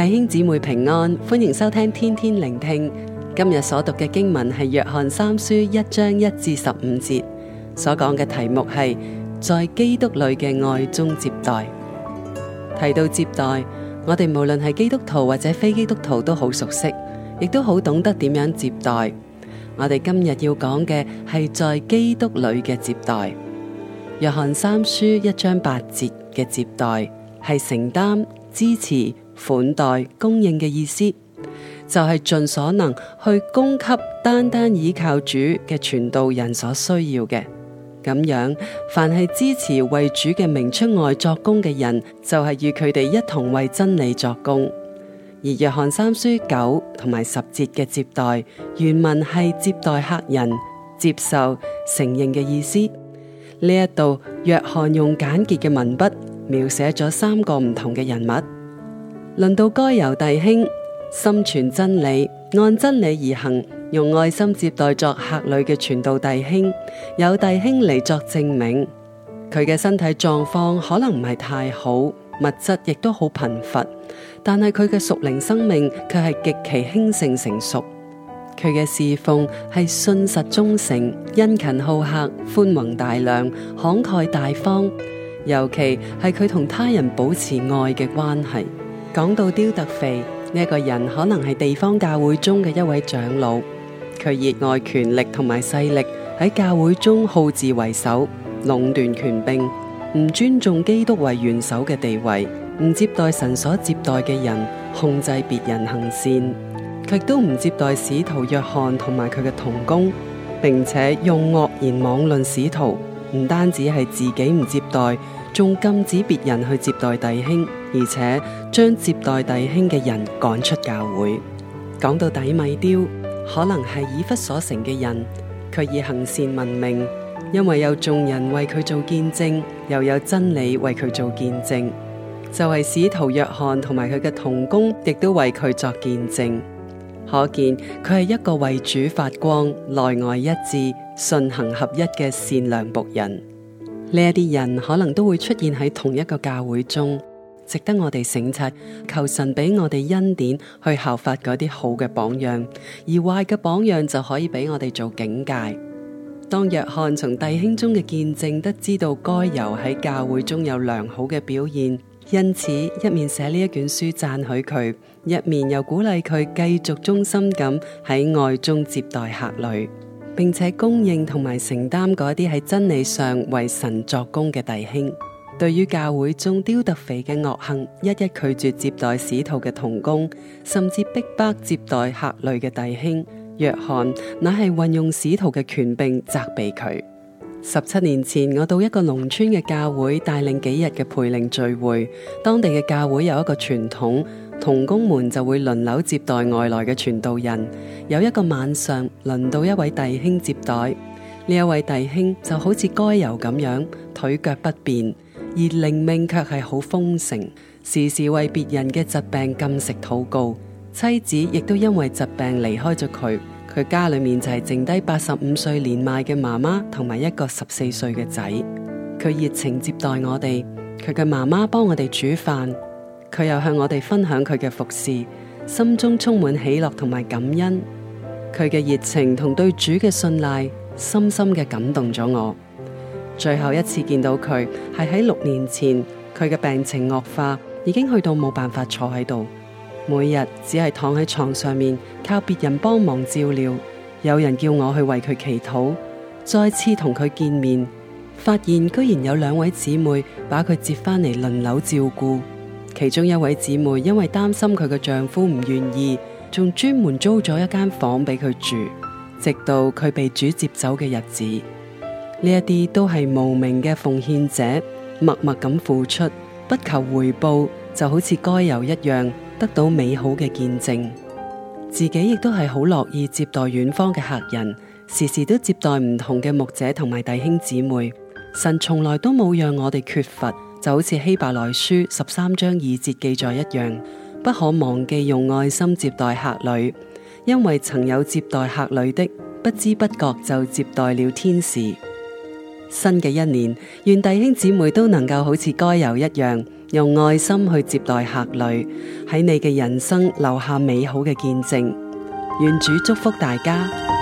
弟兄姊妹平安，歡迎收聽天天靈聽。今日所讀嘅經文係《約翰三書》一章一至十五節，所講嘅題目係在基督裏嘅愛中接待。提到接待，我哋無論係基督徒或者非基督徒都好熟悉，亦都好懂得點樣接待。我哋今日要講嘅係在基督裏嘅接待。《約翰三書》一章八節嘅接待係承擔、支持、款待供應嘅意思，就係盡所能去供給單單依靠主嘅傳道人所需要嘅。咁樣，凡係支持為主嘅名出外作工嘅人，就係與佢哋一同為真理作工。而約翰三書九同埋十節嘅接待原文係接待客人、接受、承認嘅意思。呢一度，約翰用簡潔嘅文筆描寫咗三個唔同嘅人物。論到該猶弟兄心存真理，按真理而行，用愛心接待作客旅嘅傳道弟兄。有弟兄嚟作證明，佢嘅身體狀況可能唔係太好，物質亦都好貧乏，但係佢嘅屬靈生命卻係極其興盛成熟。佢嘅事奉係信實忠誠、殷勤好客、寬宏大量、慷慨大方，尤其係佢同他人保持愛嘅關係。講到丟特腓呢一個人，可能係地方教會中嘅一位長老，佢熱愛權力同埋勢力，喺教會中好自為首，壟斷權柄，唔尊重基督為元首嘅地位，唔接待神所接待嘅人，控制別人行善，佢都唔接待使徒約翰同埋佢嘅同工，並且用惡言妄論使徒，唔單止係自己唔接待，仲禁止別人去接待弟兄。而且將接待弟兄嘅人趕出教會。講到底米，米丟可能係以弗所城嘅人，佢以行善聞名，因為有眾人為佢做見證，又有真理為佢做見證，就係、是、使徒約翰同埋佢嘅同工，亦都為佢作見證。可見佢係一個為主發光、內外一致、信行合一嘅善良僕人。呢一啲人可能都會出現喺同一個教會中。值得我哋省察，求神俾我哋恩典去效法嗰啲好嘅榜樣，而壞嘅榜樣就可以俾我哋做警戒。當約翰從弟兄中嘅見證，得知道該猶喺教會中有良好嘅表現，因此一面寫呢一卷書讚許佢，一面又鼓勵佢繼續忠心咁喺愛中接待客旅，並且供應同埋承擔嗰啲喺真理上為神作工嘅弟兄。對於教會中丟特腓嘅惡行，一一拒絕接待使徒嘅同工，甚至逼迫，迫接待客旅嘅弟兄約翰，乃係運用使徒嘅權柄責備佢。十七年前，我到一個農村嘅教會帶領幾日嘅培靈聚會，當地嘅教會有一個傳統，同工們就會輪流接待外來嘅傳道人。有一個晚上，輪到一位弟兄接待呢，這位弟兄就好似該猶咁樣，腿腳不便。而靈命卻係好豐盛，時時為別人嘅疾病禁食禱告。妻子亦都因為疾病離開咗佢，佢家裏面就係剩低八十五歲年邁嘅媽媽同埋一個十四歲嘅仔。佢熱情接待我哋，佢嘅媽媽幫我哋煮飯，佢又向我哋分享佢嘅服侍，心中充滿喜樂同埋感恩。佢嘅熱情同對主嘅信賴，深深嘅感動咗我。最後一次見到佢，係喺六年前，佢嘅病情惡化，已經去到冇辦法坐喺度，每日只係躺喺床上面，靠別人幫忙照料。有人叫我去為佢祈禱，再次同佢見面，發現居然有兩位姊妹把佢接返嚟輪流照顧，其中一位姊妹因為擔心佢嘅丈夫唔願意，仲專門租咗一間房俾佢住，直到佢被主接走嘅日子。呢一啲都係無名嘅奉獻者，默默咁付出，不求回報，就好似該猶一樣得到美好嘅見證。自己亦都係好樂意接待遠方嘅客人，時時都接待唔同嘅牧者同埋弟兄姊妹。神從來都冇讓我哋缺乏，就好似希伯來書十三章二節記載一樣，不可忘記用愛心接待客旅，因為曾有接待客旅的，不知不覺就接待了天使。新嘅一年，願弟兄姊妹都能夠好似該猶一樣，用愛心去接待客旅，喺你嘅人生留下美好嘅見證。願主祝福大家。